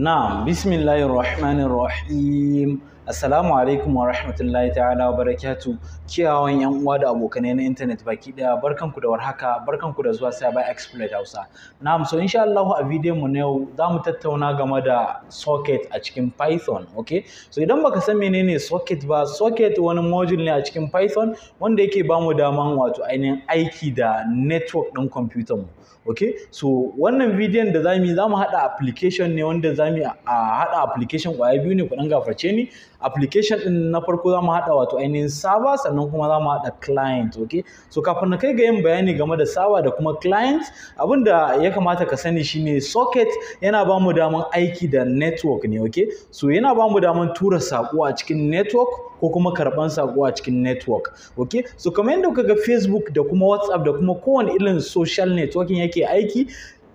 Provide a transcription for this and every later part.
نعم بسم الله الرحمن الرحيم Assalamu alaikum wa rahmatullahi ta'ala wa barakatu kiyawan yan uwa da abokanai na intanet baki daya barkanku da warhaka barkanku da zuwa Cyber Exploit Hausa. Na'am so insha Allah a bidiyon mu na yau zamu tattauna game da socket a cikin Python, okay? So idan baka san menene socket ba, socket wani module ne a cikin Python wanda yake bamu daman wato ainihin aiki da network ɗin computer mu. Okay? So wannan bidiyon da zamu yi zamu hada application ne wanda zamu a hada application kwaya biyu ne ku dan gafarce ni application din na farko za mu haɗa wato ainihin server sannan kuma za mu haɗa client okay so kafin na kai ga yin bayani game da server da kuma client abin da ya kamata ka sani shine socket yana ba mu daman aiki da network ne okay so yana ba mu daman tura saƙo a cikin network ko kuma karɓan saƙo a cikin network okay so kamar yadda kuka ga facebook da kuma whatsapp da kuma kowane irin social networking yake aiki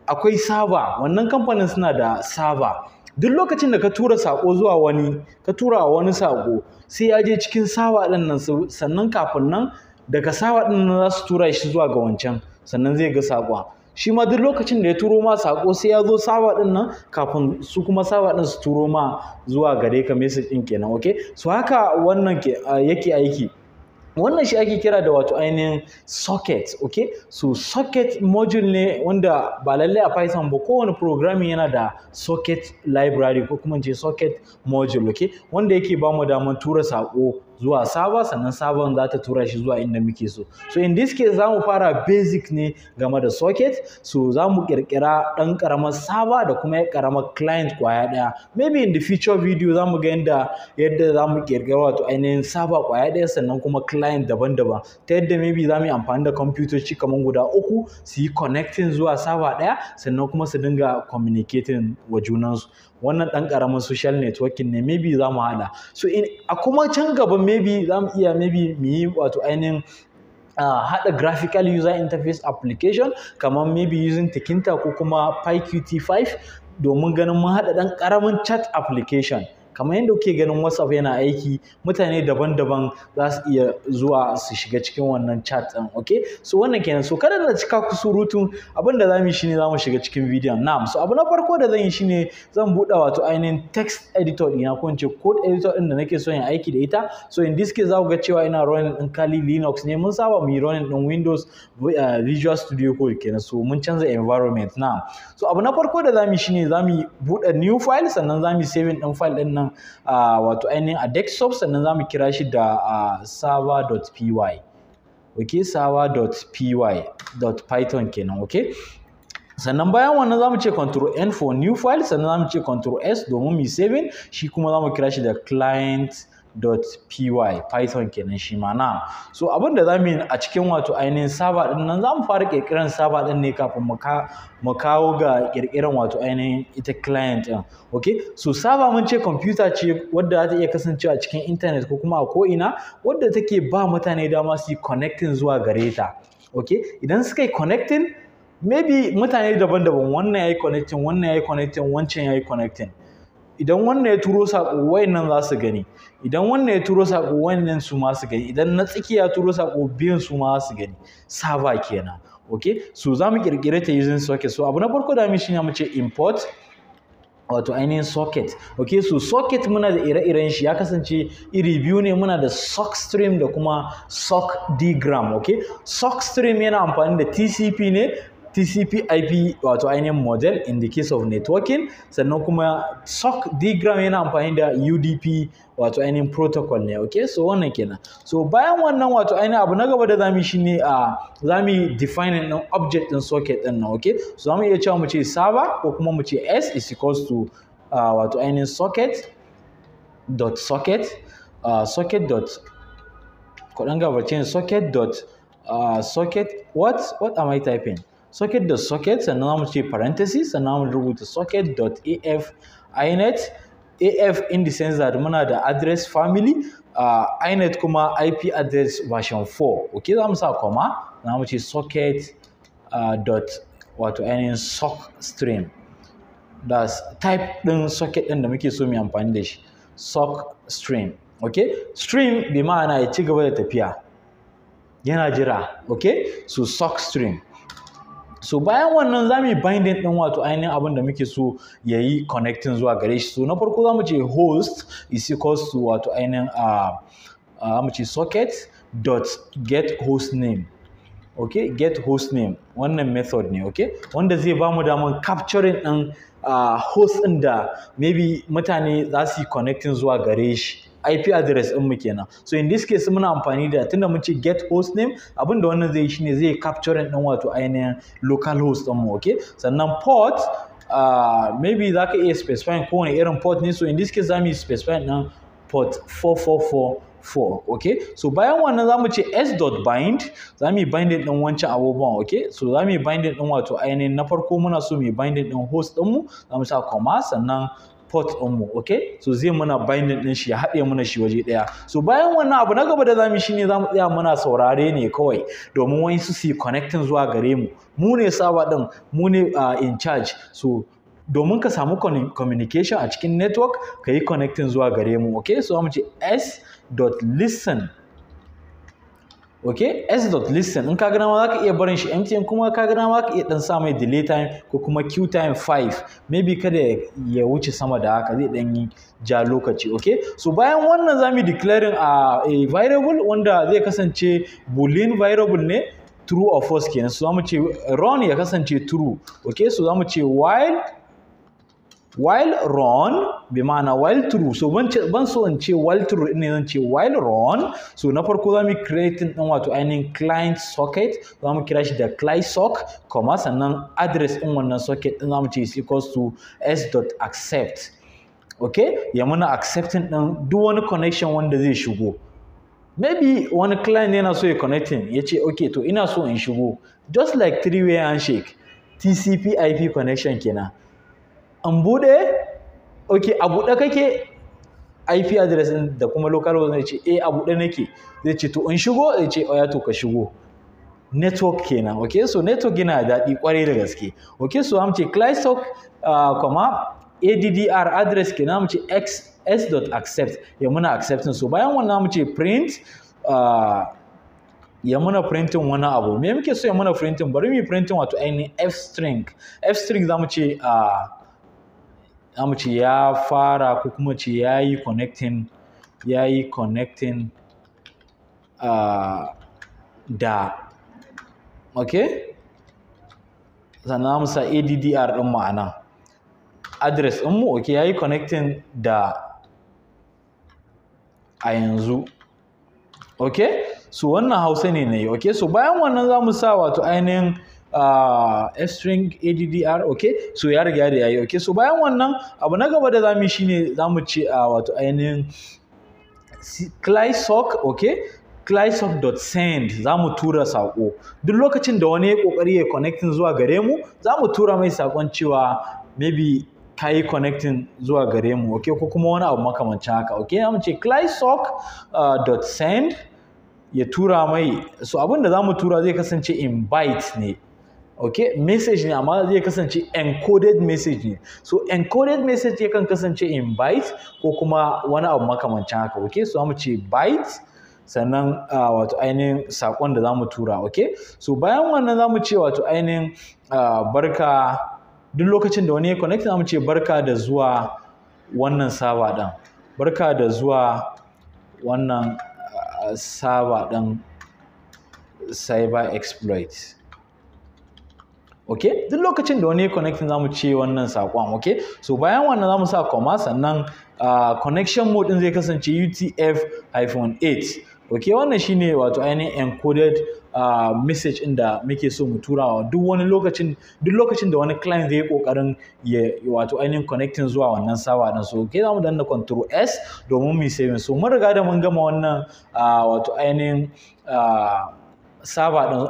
akwai saba wannan kamfanin suna da saba duk lokacin da ka tura sako zuwa wani ka tura wani sako sai ya je cikin sawa ɗin nan sannan kafin nan daga sawa ɗin nan za su tura shi zuwa ga wancan sannan zai ga saƙon shi ma duk lokacin da ya turo ma sako sai ya zo sawa ɗin nan kafin su kuma sawa ɗin su turo ma zuwa gare ka message din kenan okay Su haka wannan yake aiki wannan shi ake kira da wato ainihin socket ok so socket module ne wanda ba lallai a python ba kowane programming yana da socket library ko kuma ce socket module ok wanda yake ba mu damar tura saƙo. zuwa saba sannan sabon za ta tura shi zuwa inda muke so so in this case za mu fara basic ne game da socket so za mu kirkira ɗan ƙaramar saba da kuma ƙaramar client kwaya ɗaya maybe in the future video za mu ga yadda yadda za mu kirkira wato ainihin saba kwaya ɗaya sannan kuma client daban-daban ta yadda maybe za mu yi amfani da kwamfutoci kamar guda uku su yi connecting zuwa saba ɗaya sannan kuma su dinga communicating wa junansu wannan ɗan ƙaramin social networking ne maybe za mu haɗa so in a kuma can gaba maybe za mu iya maybe mu yi wato ainihin Uh, haɗa graphical user interface application kamar maybe using Tikinta ko kuma PyQt5 domin ganin mun haɗa ɗan ƙaramin chat application kamar yadda kuke ganin whatsapp yana aiki mutane daban-daban za su iya zuwa su shiga cikin wannan chat ɗin ok so wannan kenan so kada na cika ku surutun abin da za mu yi shine za mu shiga cikin bidiyon na'am so abu na farko da zan yi shine zan buɗe wato ainihin text editor ɗina ko in code editor ɗin da nake so yin aiki da ita so in this case za ku ga cewa ina running ɗin kali linux ne mun saba mu yi running ɗin windows eh, visual studio code kenan so mun canza environment na'am so abu na farko da za mu yi shine za mu buɗe new file sannan za mu yi saving ɗin file ɗin nan wato ainihin a desktop sannan za mu kira shi da server.py ok server.py.python kenan ok sannan bayan wannan mu ce control n for new file sannan mu ce control s domin mu saving shi kuma zamu kira shi da client py python kenan shi ma na so abin da zamu yi a cikin wato ainihin saba din nan zamu fara kirkiran saba din ne kafin mu kawo ga kirkiran wato ainihin ita client din okay so saba mun ce computer ce wadda ta iya kasancewa a cikin internet ko kuma a ko ina wadda take ba mutane dama su connecting zuwa gareta ta okay idan suka yi connecting maybe mutane daban-daban wannan ya yi connecting wannan ya connecting wancan ya yi connecting idan wannan ya turo saƙo wayannan za su gani idan wannan ya turo saƙo nan su ma su gani idan na tsakiya turo saƙo biyan su ma su gani saba kenan okay so za mu kirkire ta using socket so abu na farko da mu shine mu ce import wato ainihin socket okay so socket muna da ire-iren shi ya kasance iri biyu ne muna da sock stream da kuma sock dgram okay sock stream yana amfani da tcp ne TCP IP wato ainihin model in the case of networking sannan kuma SOC diagram yana amfani da UDP wato ainihin protocol ne okay so wannan kenan so bayan wannan wato ainihin abu na gaba da zamu shine a ah, zamu define din object din socket din nan okay so zamu iya cewa mu ce server ko kuma mu ce S is equals to ah, wato ainihin socket dot socket uh, socket dot ko gaba gabarcin socket dot socket what what am I typing socket da socket sannan za mu ce parenthesis sannan dot rubuta socket.af inet af in the sense that muna da address family uh, inet kuma ip address version 4 ok za sa comma ce socket uh, dot wato ainihin sock stream da type ɗin socket ɗin da muke so mu amfani da shi sock stream ok stream bi ma'ana ya ci gaba da tafiya yana jira ok so sock stream so bayan wannan za mu yi binding ɗin wato ainihin abin da muke so ya yi connecting zuwa gare shi so na farko za mu ce host is equals to wato ainihin a ah, ah, mu ce socket dot get host name okay get host name wannan method ne okay wanda zai bamu damar capturing ɗin uh, ah, host ɗin da maybe mutane za su yi connecting zuwa gare shi IP address din mu kenan so in this case muna amfani da tunda mun ce get host name abin da wannan zai shine zai capture ɗin wato ainihin local host ɗinmu mu okay sannan port uh, maybe za ka iya specifying kowane irin port ne so in this case za mu specify ɗin din port 4444 okay so bayan wannan za mu ce s.bind za mu yi binding din wancan abubuwan okay so za mu yi binding din wato ainihin na farko muna so mu yi binding din host ɗinmu za mu sa comma sannan port mu okay so zai muna binding ɗin shi ya haɗe muna shi waje ɗaya so bayan wannan abu na gaba da zamu shine zamu tsaya muna saurare ne kawai domin wani su su connecting zuwa gare mu mu ne sawa ɗin mu ne ah, in charge so domin ka samu communication a cikin network ka yi connecting zuwa gare mu okay so zamu ce s dot okay listen in ka gana ma ka iya barin shi n kuma ka gana ma ka iya dan sa mai delay time ko kuma q time 5 maybe kada ya wuce sama da haka zai dan yi ja lokaci okay so bayan wannan zamu declaring a, a variable wanda zai kasance boolean variable ne true or false kenan so zamu ce run ya kasance true okay so zamu ce while while run bi ma'ana while through so ban so in ce while through ne zan ce while run so na farko za mu creating din wato ainihin client socket za mu kira shi da client sock comma sannan address din wannan socket din za mu ce is equals to s.accept okay ya muna accepting din duk wani connection wanda zai shigo maybe wani client yana so ya connecting ya ce okay to ina so in shigo just like three way handshake TCP IP connection kenan an buɗe ok a buɗe kake IP address ɗin da kuma local host zai ce eh, a buɗe nake zai ce to in shigo zai ce oh, ya to ka shigo network kenan ok so network yana daɗi kwarai da gaske ok so amce clystock kuma ah, addr address kenan amce x s.accept ya muna accepting so bayan wannan ce print ah, ya muna printin wani abu me muke so ya muna printin bari mu printin wato ainihin f string f string za mu ce uh, za mu ce ya fara ko kuma ce ya yi connecting ya yi connecting uh, da ok sannan mu sa addr din ma'ana address mu ok ya yi connecting da a yanzu ok so wannan hausa ne na yi ok so bayan wannan za mu sa wato ainihin uh, string addr okay so ya riga da yayi okay so bayan wannan abu na gaba da zamu shine mu ce a ah, wato ainihin clysoc okay clysoc.send za mu tura saƙo duk lokacin da wani ya ƙoƙari ya connecting zuwa gare mu za mu tura mai saƙon cewa maybe ka yi connecting zuwa gare mu okay ko kuma wani abu makamancin haka okay za mu ce clysoc.send uh, ya tura mai so abin da za mu tura zai kasance invite ne ok message ne amma zai kasance encoded message ne so encoded message yakan kasance in byte ko kuma wani abu makamancin haka ok so mu ce byte sannan wato ainihin sakon da za tura ok so bayan wannan za mu ce wato ainihin barka duk lokacin da wani ya connect za ce barka da zuwa wannan saba ɗin barka da zuwa wannan uh, saba ɗin cyber exploit ok duk lokacin da wani connection zamu ce wannan sakon ok so bayan wannan zamu sa comma sannan uh, connection mode din zai kasance UTF-8 ok wannan shine wato ainihin encoded uh, message inda muke so mu wa duk wani lokacin duk lokacin da wani client zai yi kokarin ya wato ainihin connecting zuwa wannan sawa din so okay zamu danna control S domin mu saving so mun riga da mun gama wannan uh, wato ainihin uh,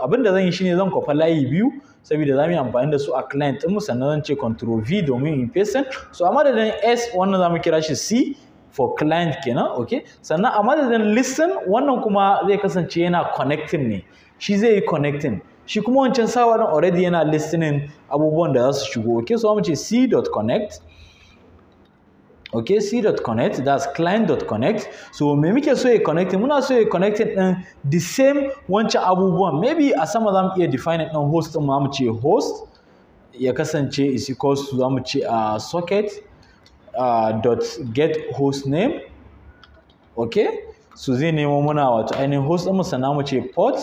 abinda zan yi shine zan kwafa layi biyu saboda za mu yi amfani da su a client ɗinmu sannan zan ce control V domin in paste so a madadin S wannan za mu kira shi C for client kenan okay sannan a madadin listen wannan kuma zai kasance yana connecting ne shi zai yi connecting shi kuma wancan sawa already yana listening abubuwan da za su shigo okay so mu ce C.connect okay c.connect that's client.connect so maybe muke so ya e connecting muna so ya e connecting uh, eh, the same wancan abubuwan maybe some of them here define on host din mu ce host ya kasance is equals to zamu ce ah, socket uh, dot get host name okay so zai name muna wato ainihin host din mu sannan port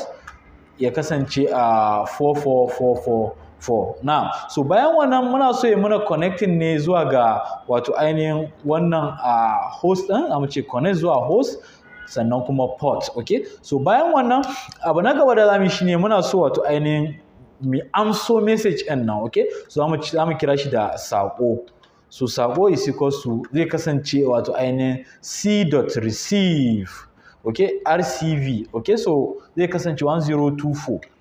ya kasance a ah, 4444 4 na so bayan wannan muna so ya muna connecting ne zuwa ga wato ainihin wannan a host ɗin a mace connect zuwa host sannan kuma port okay so bayan wannan abu na gaba da zamu shine muna so wato ainihin mi amso message din nan okay so za kira shi da sako so sako is equals to zai kasance wato ainihin c dot okay rcv okay so zai kasance 1024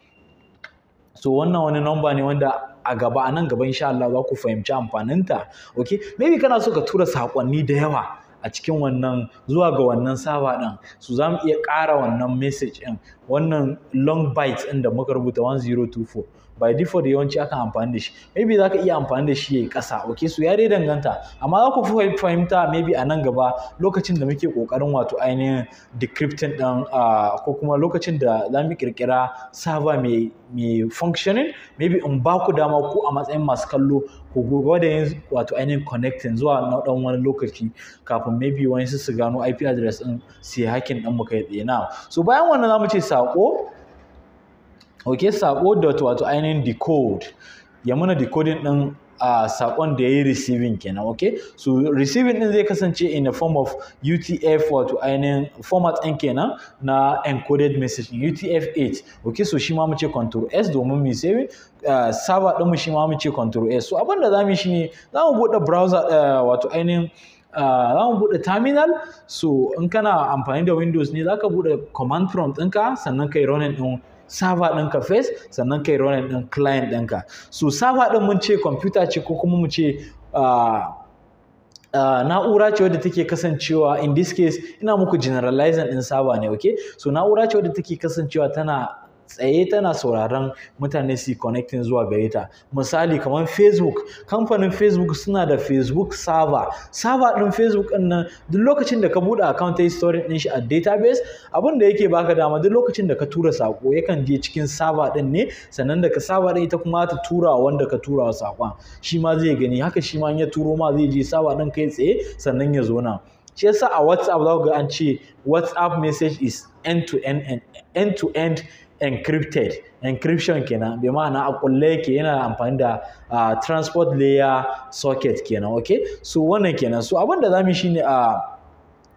so wannan wani namba ne wanda a gaba a nan gaba insha Allah za ku fahimci amfaninta okay maybe kana so ka tura sakonni da yawa a cikin wannan zuwa ga wannan saba ɗin su za mu iya ƙara wannan message ɗin wannan long bite ɗin da muka rubuta 1024 by default yawanci aka amfani da shi maybe za ka iya amfani da shi ya yi ƙasa ok so ya dai danganta amma za ku fahimta maybe a nan gaba lokacin da muke ƙoƙarin wato ainihin decrypting ɗin ko kuma lokacin da za mu ƙirƙira server mai mai functioning maybe in ba ku dama ku a matsayin masu kallo ku gwada yin wato ainihin connecting zuwa na dan wani lokaci kafin maybe wani su gano IP address din su yi hacking muka mu kai tsaye na so bayan wannan za mu ce sako ok sabo dot wato ainihin decode ya muna decoding din a sakon da ya yi receiving kenan ok so receiving din zai kasance in the form of utf wato ainihin format din kenan na encoded message utf-8 ok so shi ma mu ce control s domin mu saving server din mu shi ma mu ce control s so abin da za mu shi ne za mu bude browser uh, wato ainihin za mu buɗe terminal so in kana amfani da windows ne za ka buɗe command prompt ɗinka sannan kai running ɗin server ɗinka face sannan kai running ɗin client ɗinka so server ɗin mun ce computer ce ko kuma mu ce ah, ah, na'ura ce wadda take kasancewa in this case ina muku generalizing din server ne okay so na'ura ce wadda take kasancewa tana tsaye tana sauraron mutane su connecting zuwa gare ta misali kamar facebook kamfanin facebook suna da facebook server server din facebook din nan duk lokacin da ka buɗe account ta history din shi a database abin da yake baka dama duk lokacin da ka tura sako yakan je cikin server din ne sannan da ka server din ita kuma ta tura wanda ka tura wa sakon shi ma zai gani haka shi ma in ya turo ma zai je server din kai tsaye sannan ya zo nan shi yasa a whatsapp za ga an ce whatsapp message is end to end, end to end encrypted encryption kenan bi ma'ana a kulle ke yana amfani da uh, transport layer socket kenan okay so wannan kenan so abin da za mu shine a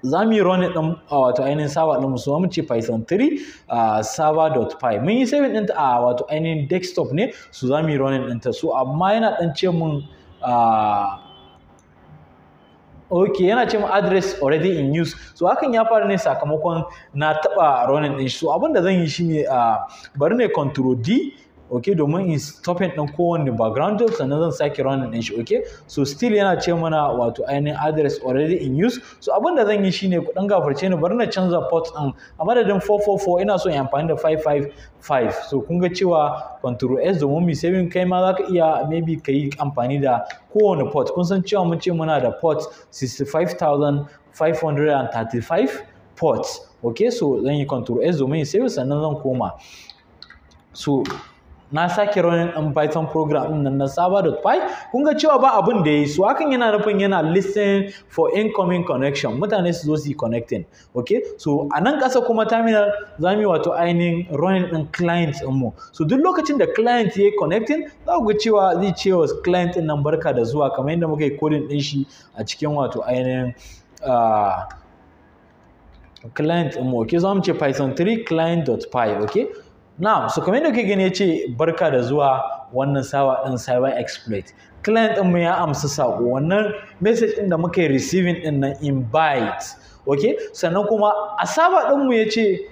za mu yi run a wato ainihin server din su mu ce python 3 uh, server.py mun yi saving ɗinta a wato ainihin desktop ne so za mu yi run ta so amma yana ɗan ce mun uh, ok yana ce mu address already in use so hakan ya faru ne sakamakon na taɓa ronin ɗin shi so abin da zan yi shine ah, bari ne control d ok domin in stopping ɗin kowane background job sannan zan sake running ɗin shi ok so still yana ce mana wato ainihin address already in use so abinda zan yi shine ku gafarce ni bari na canza port ɗin a madadin 444 ina so in amfani da 555 so kun cewa control s domin mi saving kai ma za ka iya maybe ka yi amfani da kowane port kun san cewa mun ce muna da port 65,535 ports ok so zan yi control s domin in save sannan zan koma so na sake running ɗin python program ɗin nan na saba.py kun ga cewa ba abin da yayi so hakan yana nufin yana listen for incoming connection mutane su zo su yi connecting okay so a nan kasa kuma terminal za mu wato ainihin running ɗin client in mu so duk lokacin da client yayi connecting za ku ga cewa zai ce wa client ɗin nan barka da zuwa kamar yadda muka yi coding ɗin shi a cikin wato ainihin ah, client mu okay za mu ce python 3 client.py okay Now, so kamar yadda kuke gani yace barka da zuwa wannan sawa din Cyber Exploit. Client din mu ya amsa sako wannan message ɗin da muka yi receiving din nan invite. Okay? Sannan kuma a sawa din mu yace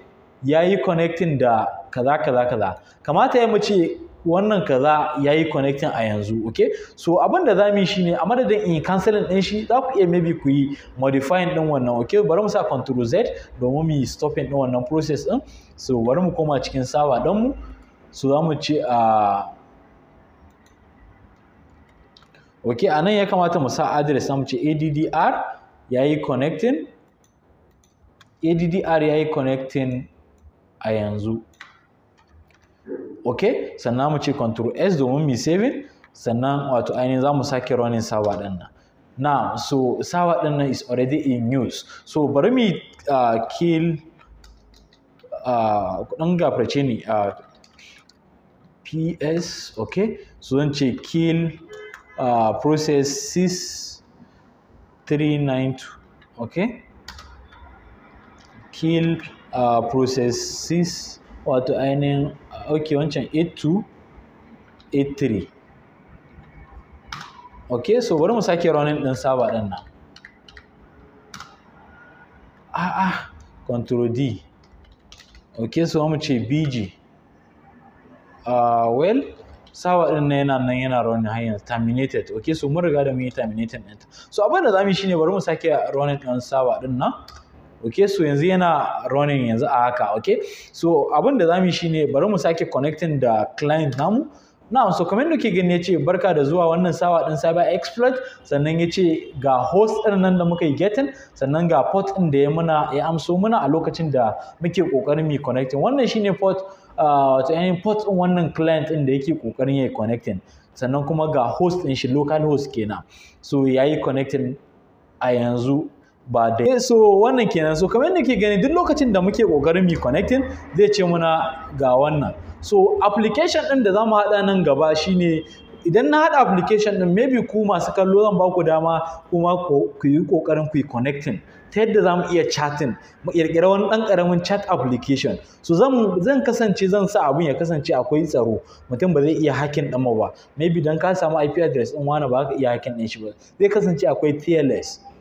yayi connecting da kaza kaza kaza. Kamata ya mu wannan kaza ya yi connectin a yanzu okay so abin da za mu yi shi ne a madadin in canceling ɗin shi za ku iya maybe ku yi modifying ɗin wannan okay bari mu sa control z domin mu yi stopping ɗin wannan process din. so bari mu koma cikin sawa ɗin mu so za mu ce a ah, okay a nan ya kamata mu sa address za mu ce addr ya yi connecting addr ya yi connecting a yanzu ok sannan mu ce control s domin mi saving sannan wato ainihin za mu sake running sawa ɗin nan so sawa ɗin nan is already in use so bari mi uh, ah, kill ah, ɗan gafarce ne ah, ps ok so zan ce kill uh, process 6392 ok kill uh, process 6 wato ainihin ok wancan a2 a3 ok so bari mu sake raunin ɗin saba ɗin nan ah, ah, control d ok so mu ce bg ah, well sawa ɗin na yana nan yana raunin hanyar terminated ok so mun riga da mun yi terminated ɗinta so abin da za mu yi shine bari mu sake raunin ɗin sawa ɗin nan okay so yanzu yana running yanzu a haka okay so abin da zamu shine bari mu sake connecting da client namu Now, so kamar yadda ke gani ya ce barka da zuwa wannan sawa ɗin cyber exploit sannan ya ce ga host ɗin nan da muka yi getting sannan ga port ɗin da ya muna ya amso muna a lokacin da muke kokarin mi connecting wannan shine port ah, wato yanayin port ɗin wannan client din da yake kokarin ya yi connecting sannan kuma ga host ɗin shi local host kenan so ya yi connecting a yanzu ba da eh, so wannan kenan so kamar yadda ke gani duk lokacin da muke kokarin mu connecting zai ce muna ga wannan so application din da zamu hada nan gaba shine idan na haɗa application ɗin maybe ku masu kallo zan ba ku dama kuma ku yi ƙoƙarin ku yi connecting ta yadda za mu iya chatting mu kirkira wani dan karamin chat application so zan zan kasance zan sa abun ya kasance akwai tsaro mutum ba zai iya hacking ɗin ba maybe dan ka samu IP address ɗin wani ba ka iya hacking ɗin shi ba zai kasance akwai TLS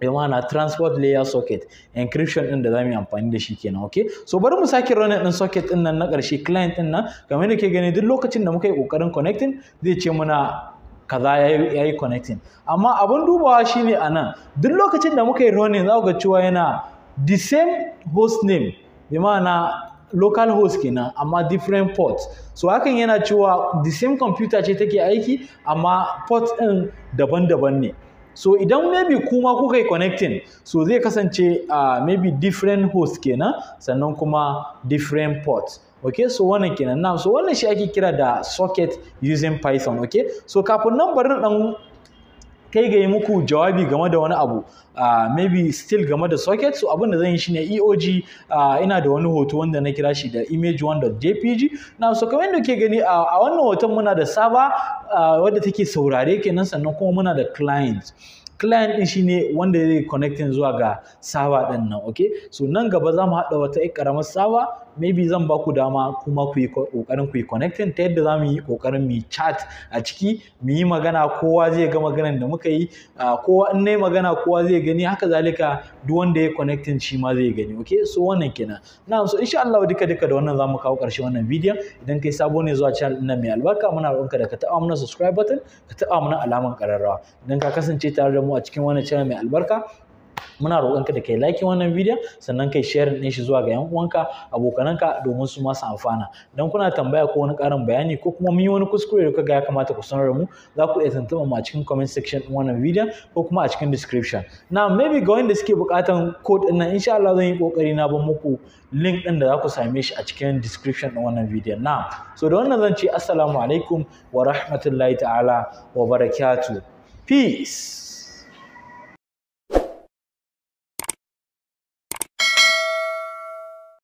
bi ma'ana transport layer socket encryption din da zamu yi amfani da shi kenan okay so bari mu sake running din socket din nan na ƙarshe client din nan kamar da ke gani duk lokacin da muka yi kokarin connecting zai ce muna kaza ya yi connecting amma abin dubawa shine a nan duk lokacin da muka yi running za ku ga cewa yana the same host name ma'ana local host kenan amma different ports so hakan yana cewa the same computer ce take aiki amma port din daban-daban ne so idan maybe kuma kuka yi connecting so zai kasance uh, maybe different host kenan sannan kuma different port okay so wannan kenan now so wannan shi ake kira da socket using python okay so kafin nan bari dan kai ga yi muku jawabi game da wani abu uh, maybe still game da socket so abin da zan yi shine eog uh, ina da wani hoto wanda na kira shi da image1.jpg na so kamar yadda ke gani a wannan hoton muna da server uh, wadda take saurare kenan sannan kuma muna da client client din shine wanda zai connecting zuwa ga server din nan okay so nan gaba zamu mu wata wata karamar server maybe zan ba ku dama kuma ku yi ƙoƙarin ku yi connecting ta yadda za yi ƙoƙarin mu chat a ciki mu yi magana kowa zai ga maganar da muka yi kowa in nayi magana kowa zai gani haka zalika duk wanda ya connecting shi ma zai gani okay so wannan kenan na so insha Allah duka duka da wannan zamu kawo karshe wannan bidiyon idan kai sabo ne zuwa channel ɗin mai albarka muna roƙonka da ka taɓa mana subscribe button ka taɓa mana alamar ƙararrawa idan ka kasance tare da mu mu a cikin wannan channel mai albarka muna roƙonka da kai like wannan bidiyon sannan kai share din shi zuwa ga yan uwanka abokananka domin su ma amfana dan kuna tambaya ko wani ƙarin bayani ko kuma mun yi wani kuskure da kaga ya kamata ku sanar da mu za ku iya tuntuɓa mu a cikin comment section din wannan bidiyon ko kuma a cikin description na maybe ga wanda suke buƙatan code din nan insha Allah zan yi kokari na ban muku link ɗin da za ku same shi a cikin description din wannan bidiyon na so da wannan zan ce assalamu alaikum wa rahmatullahi ta'ala wa barakatuh peace